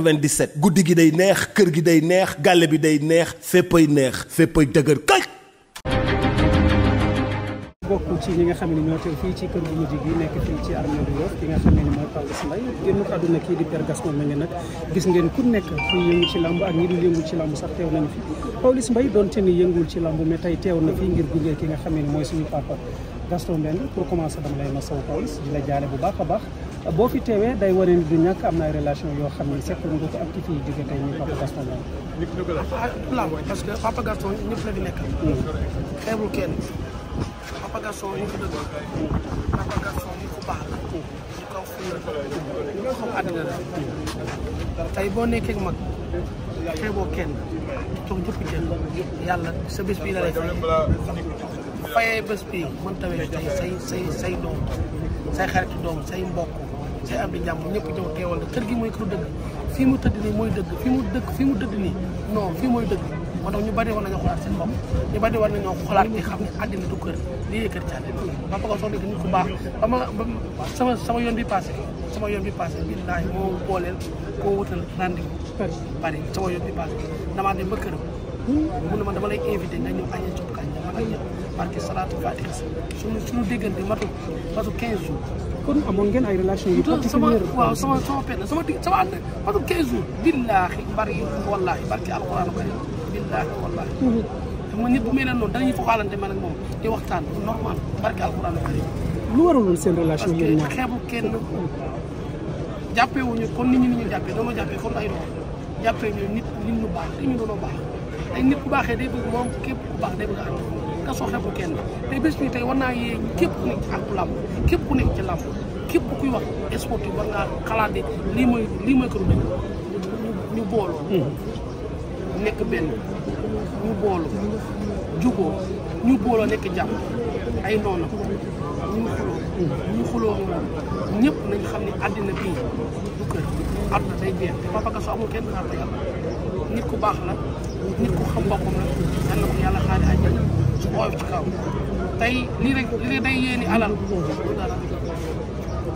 97 guddi gi day neex kër gi day neex gàlle bi day neex féppay neex féppay dëgër kay bokk ci ñi nga xam ne ñoo teew fii ci kër gu mujj gi nekk fii ci armée du Yoff ki nga xam ne mooy Palla Mbaye génn àdduna kii di Père Gaston Mbengue nag gis ngeen ku nekk kuy yëngu ci làmb ak ñi dul yëngul ci làmb sax teew nañu fi Palla doon donte ni yëngul ci làmb mais tey teew na fii ngir gunge ki nga xam ne mooy suñu papa Gaston Mbengue pour commencer dama lay masawu Palla di la jaale bu baax a baax boo fi teewee day wane ni du ñàkk am na relation yoo xam ne seetlu nga ko ak ci ah, parce que Papa Gaston ñëpp la fi nekk xeebul kenn Papa tey boo nekkee mag xeeboo kenn yàlla sa bii la lay fayee bés bii mën tawee say say say doom say xaritu doom say mbokk say am di jàmm ñëpp ñëw teewal la kër gi mooy këru dëgg fii mu tëdd nii mooy dëgg fii mu dëgg fii mu tëdd nii non fii mooy dëgg moo tax ñu bari war nañoo xolaat seen bopp ñu bari war nañoo xolaat di xam ne àddina du kër lii lay kër caatin ba bëgg a soxla nit ku baax ba ma sama sama yoon bi passé sama yoon bi passé billahi moo booleel koo wutal mu ne man dama lay invité nga ñëw añee cub kañ ma lay yëpp barke salaatu fatiha suñu suñu déggante matu matu 15 jours. kon amoon ngeen ay relation yu particulière waaw sama sama penn sama dig sama ànd matu 15 jours. billaahi bari wallaahi barke alquraan karim billaahi wallaahi. xam nga nit bu mel ne noonu danañu di waxtaan normal barke alquraan karim. lu waraloon seen relation yéen ñaar parce que xeebu kenn jàppee wuñu comme nit ni ñu jàppee dama jàppee comme ay doom jàppee ñu nit ñu baax. ay nit bu baaxee day bëgg moom képp bu baax day bëgg a ànd kaso kenn tey bés bi tey war naa yee képp ku nekk ci àlku képp ku nekk ci làmb képp kuy wax sportif war ngaa xalaat de lii mooy lii mooy këru dëkk ñu booloo nekk benn ñu booloo juboo ñu booloo nekk jàmm ay noonu ñu xuloo ñëpp nañ xam ne àddina bii du kër àdduna day jeex te Papa Gasso amul kenn xaar te yàlla nit ku baax la nit ku xam boppam la yal na ko yàlla xaari àjjana su ooyof ci kaw tey lii rek lii day yéeni alal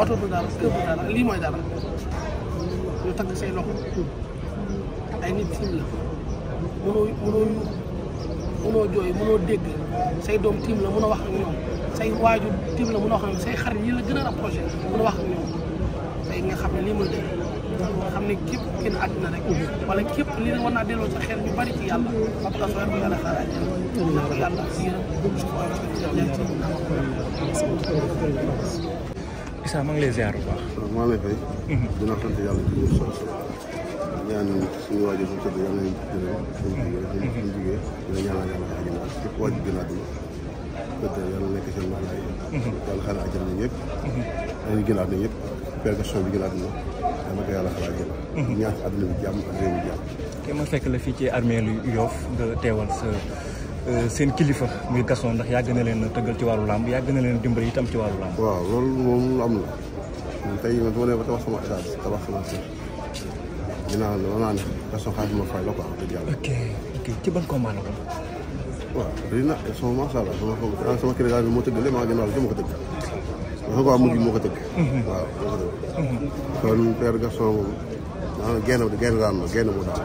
oto du dara lii mooy dara ñu takk say loxo ay nit tiim la mënoo mënoo yu mënoo jooy mënoo dégg say doom tiim la mën a wax ak ñoom say waajur tiim la mën a say xarit yi la gën a rapproché mën a wax ak ñoom tey nga xam ne lii mooy dëgg nga xam ne képp sa xel ñu bari waaj bi laa dugg. peut être yàlla nekk seen loxo yi. Mhm. yàlla xanaa ajal na ñëpp. Mhm. dañuy gënaat na ñëpp permission bi gënaat na dama ko yàlla xanaa jël. ñaan ci àdduna bi jàmm ak réew mi jàmm. kay ma fekk la fii ci armeelu Yoff nga teewal sa euh, seen kilifa muy Gaston ndax yàgg na leen tëggal ci wàllu làmb yàgg na leen dimbali itam ci wàllu làmb. waaw loolu moom am na. man tey man dama ne ba tabax sama étage tabax sama kër dinaa la ma naan Gaston xaalis ma fay la ko wax dëgg yàlla. ok ok ci ban combat la ko. waaw bëri na son macha allah sama ah, sama sama bi moo tëgg lépp maa a ko tëgg. maa ko waa mujj moo ko tëgg. Mhm. waaw moo ko tëgg. kon père Gaston moom maanaam ah, génn daan na génn moo daan.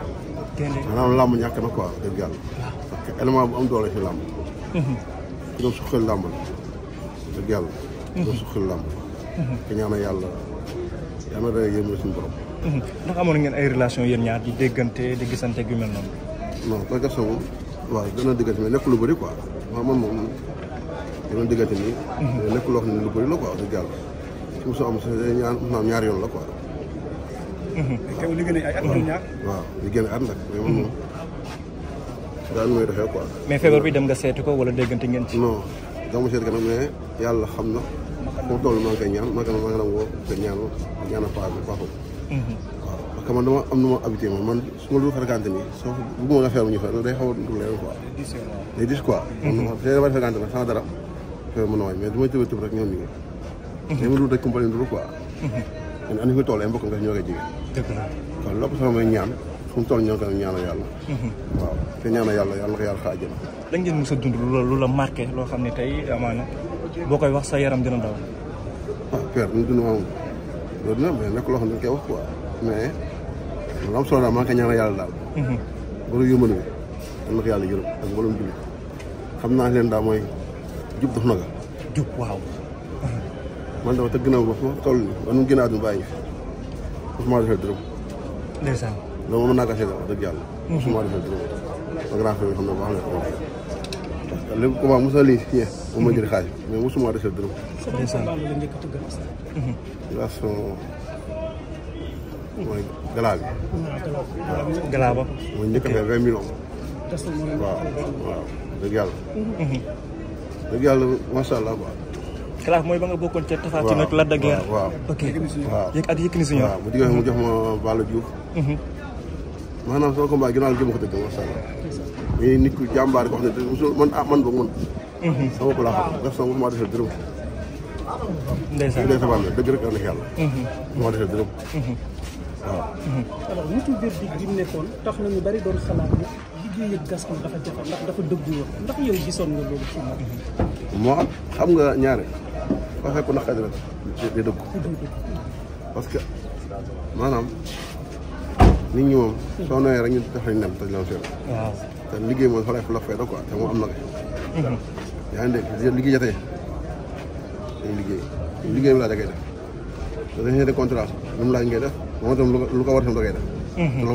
génn maanaam làmb ñàkk na ko dëgg yàlla. que élément bu am doole si làmb. ñoom mhm. suqal làmb la. dëgg yàlla. ñoom mhm. suqal làmb. te yàlla yàlla na dana yëngu suñu ndax amoon ngeen ay relation yéen ñaar di déggante di gisante gu mel noonu. non moom. waaw gën a diggante mais nekk lu bëri quoi waaw man moom gën a diggante nii. Mhm. mais nekk loo xam ne lu bëri la quoi dëgg yàlla su ma soo am ñaar maanaam ñaar yoon la quoi. waaw mhm. li gën a ay at ñaar. Mhm. waaw li gën a at nag. mais man moom daal mooy doxee quoi. mais feebar bi dem nga seeti ko wala déggante ngeen ci. non dama seeti ko nag mais yàlla xam na. moo toll maa ngi koy ñaan maa ngi koy maa ngi koy ñaanal ñaanal paa bi paa parce que man dama ma habité ma dul fréquenté nii soo bëgguma ñu fa day xaw a dugg leneen quoi day dis quoi mhm. man te dama fréquenté nag a wañ mais du may tëb tëb rek ñoom nii day mhm. ma dul rek compagnie dul fi tool ay mbokkam def ñoo koy jige kon lépp sama may ñaan fu mu toll ñoo ko ñaanal yàlla mhm. waaw te ñaanal yàlla yàlla ko yàlla xaa jëm dañ ngeen mos a dund lu la lu la marqué loo xam ne tey amaana boo koy wax sa yaram dina daw ah père ñu dund moom loolu nekk loo xam ne dañ wax quoi mais la am solo daal maa ngi koy yàlla daal. mbooloo mhm. yómbani bi am na ko yàlla yërëm ak naa leen daal mooy jub na ko. jub waaw. man dafa tëgg na ba fu ma toll nii ba nu mu génnaaw dina bàyyi fi mosuma defee dërëm. ndeysaan. loolu mën naa ko seetal yàlla. Mhm. mosuma defee dërëm. ak rafet bi xam naa boo xam ne xam naa lépp comment mosal lii si mooy galaa bi. galaa ba. mooy njëkk a fay vingt waaw waaw dëgg yàlla. Mhm. dëgg yàlla macha allah quoi. Kalaaf mooy ba nga bokkoon ca Tafatin ak Lac de Guiers. waaw ok waaw yëg ak Yékini Senior. mu jox ma Balla Diouf. Mhm. maanaam sama combat ginnaaw gi ma ko dëgg macha allah. de mosul man ah man boog man. Mhm. sama ko laa xam def sama mosuma defee dërëm. ndeysaan bu dee sa bàmmeel dëgg rek la nekk yàlla. defee dërëm. waaw. alors nitu verdict bi nekkoon tax na bari doon xalaat ni liggéey ak dafa jafe ndax dafa dëggu ndax yow gisoon nga loolu ci moom. xam nga ñaare waxee ko naqari rek di dëgg. parce que maanaam nit ñi moom. soo nooyee rek ñu def lañ nem te ñu waaw te liggéey moom dafa lay fa mhm. liggéey jotee dañuy liggéey. liggéey laa da def te dañuy ne contrat lu mu laaj ngay def. moom itam lu ko war mhm. mhm.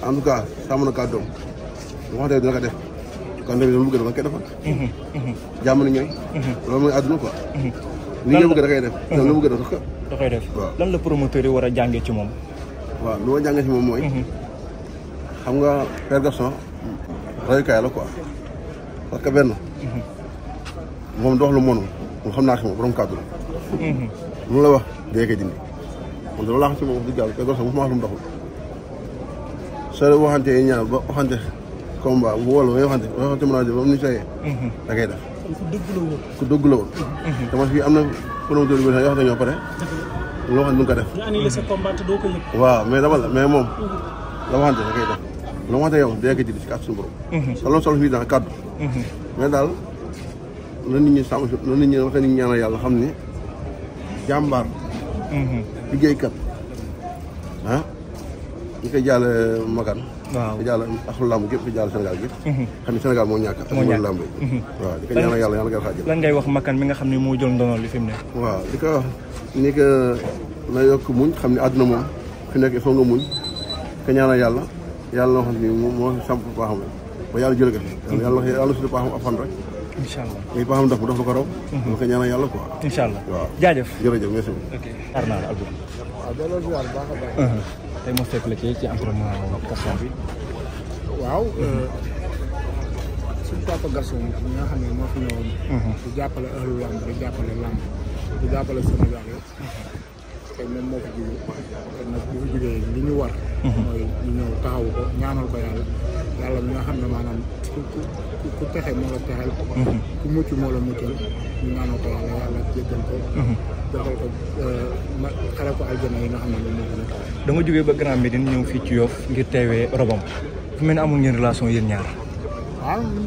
tam mhm. da koy def te da koy def itam lu bëgg def sax da koy def waaw la promoteur yi war a jàngee ci moom waaw lu ma jàngee ci moom mooy xam nga Père Gaston rayukaay la quoi parce que benn moom dox lu mënul moom xam naa si moom borom kàddu la lu la wax dee koy man dama laax ci moom di jàll kay dox sax bu ma xam doxul soo waxante yi ñaar a mhm. da koy def ku dëgg la woon dama mhm. fii am na promoteur bi waaw mais dama la mais moom mhm. la waxante da koy def la waxante yow da koy jël si kàddu suñu borom sa fii dans kàddu mais daal la nit ñi sàmm la nit ñi waxee nit ñaanal yàlla xam ne jàmbaar liggéeykat ah ñu koy jaale euh, Makan. waaw di jaale axlu lamb gépp di jaale Sénégal gépp. Mhm. xam ne Sénégal moo ñàkk. moo ñàkk ak lamb yi. Mhm. waaw di ko ñaanal yàlla yàlla nga xaajal. lan ngay wax Makan mi nga xam ne moo jël ndono li fi mu ne. waaw di ko wax ni na yokk muñ xam ne àdduna moom fi nekk il nga muñ ko ñaanal yàlla yàlla loo xam ne moo samp baaxam rek. incha allah léegi ba xam ndox mi dox na ko raw. Mhm. waaw jaajëf jërëjëf merci beaucoup. ok xaar naa la Abdou. waaw delloo ziar bu baax a baax. Mhm. tey ma fekk la ci ci entraînement Gaston bi. waaw. Mhm. Euh, suñu papa Gaston nga xam ne moo fi jàppale ëllu lamb di jàppale lamb tey moom moo fi jógee kon nag bu fi jógee li ñu war mhm. mooy ñu ñëw taxawu ko ñaanal ko yàlla yàlla mi nga xam ne maanaam ku ku ku texe moo la texel mhm. ku mucc moo la muccal ñu ñaanal ko yàlla mhm. euh, ma xale ko aljana yi a da nga jógee ba Grand Médine ñëw fi ci Yoff ngir teewee robam fu mel ne amul ngeen relation yéen ñaar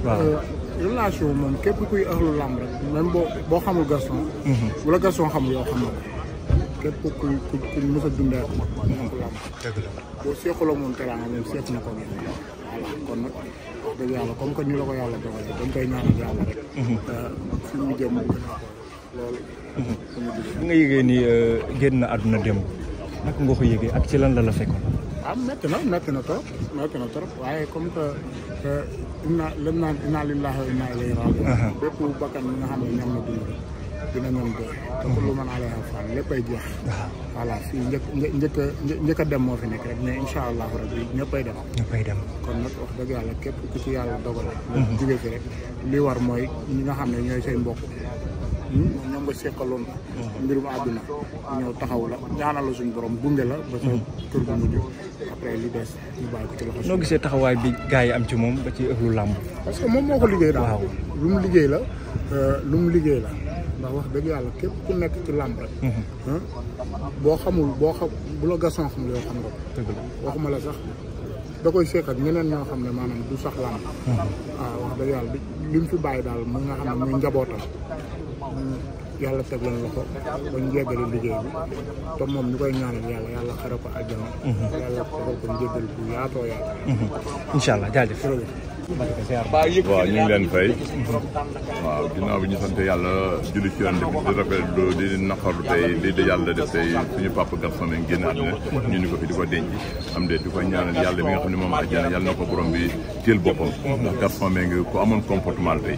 waaw euh, relation moom képp kuy axlu lamb rek même boo boo xamul garçon bu la xamul yoo xam képp ku ku ku mës a dundee mën na ko la boo seqaloo moom teraanga moom seq na ko ngeen. voilà kon yàlla comme que ñu la ko yàlla ko dañ koy ñaanal yàlla rek. Mhm. Euh, fi mu jëm loolu. Mhm. bi nga yëgee ni euh, génn na àdduna démb naka nga ko ak ci lan la la fekkoon. ah métti na métti na trop métti na trop waaye comme que inna lam naan inna lillahi wa inna ilayhi rajiun. bépp bakkan nga xam ne ñam na dund. dina ñoom doy te lu mën alayha faal léppay jeex voilà fii njëkk njëkk a njëkk a dem moo fi nekk rek mais incha allahu rabbi ñëppay dem dem kon nag wax dëgg yàlla képp ku ci yàlla dogale mhm. jóge fi rek li war mooy ñi nga xam ne ñooy say mbokk ñoom nga seqaloon mhm. mbirum àdduna ñëw taxaw la ñaanal la borom gunge la ba sa kër mhm. gu mujj après li des ñu bàyyi ko ci loxo noo gisee taxawaay bi gars yi am ci moom ba ci ëpp lu làmb parce que moom moo ko liggéey daal lu liggéey la lu mu liggéey la euh, ndax wax dëgg yàlla képp ku nekk ci làmb rek. Mhm. boo xamul boo xam bu la Gaston xamul yow xam nga ko. waxuma la sax da koy seq ak ñeneen ñoo xam ne maanaam du sax làmb. waaw mhm. ah, wax yàlla li mu fi bàyyi daal mu nga xam ne muy njabootam. yàlla teg leen ko ba ñu yeggali liggéey bi te moom ñu koy ñaanal yàlla yàlla xare ko àjjana. Mhm. yàlla xare ko njëggal bu yaatoo yaatoo. incha allah jaajëf. waaw ñu ngi leen fay waaw ginnaaw bi ñu sant yàlla julli ci yoon bi di rafetlu di naqarlu tey lii di yàlla def tey suñu papa garçon bi génn àdduna ñu ni ko fi di ko denc am de di ko ñaanal yàlla mi nga xam ne moom àjjana yàlla na ko borom bi téel boppam ndax garçon bi nga ko amoon comportement tey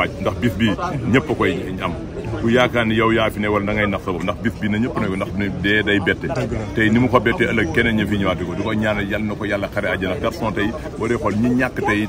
waaj ndax bis bi ñëpp koy am ku yaakaar ne yow yaa fi ne nax sa ndax bis bi na ñëpp ne ko ndax dee ko yàlla na ko yàlla xare tey boo dee xool ñi ñàkk tey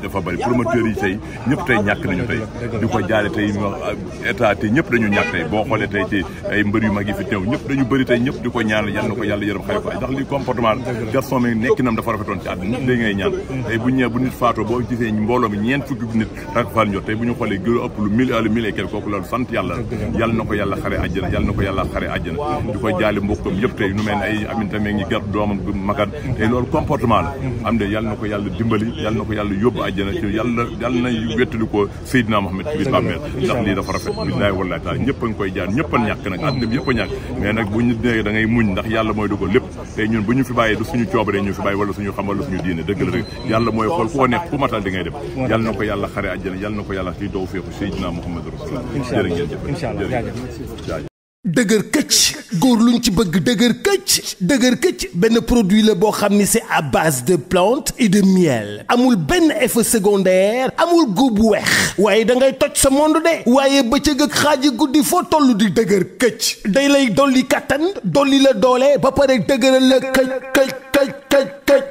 bu ñëwee bu nit faatoo boo gisee mbooloo mi ñeent fukki nit rak faal ñor tey bu ñu xoolee gëru ëpp lu mille lu mille kooku loolu sant yàlla yal na ko yàlla xare àjjana yal na ko yàlla xare àjjana di ko jaali mbokkam yëpp tey la am yal na ko yàlla a a ñàkk nag la rek yàlla mooy xool koo nekk ku matal di ngay dem yal na ko xare àjjana yal na ko yàlla ci doow feeku Seydina Mohamed jërëjëf dëgër këcc góor lu luñ ci bëgg dëgër këcc dëgër këcc benn produit la boo xam ni c'est à base de plantes et de miel amul benn effet secondaire amul góob bu weex waaye da ngay toj sa monde de waaye bëccëg ak xaaji guddi foo toll di dëgër këcc day lay dolli kattan dolli la doole ba pare dëgëral la këcc këcc këcc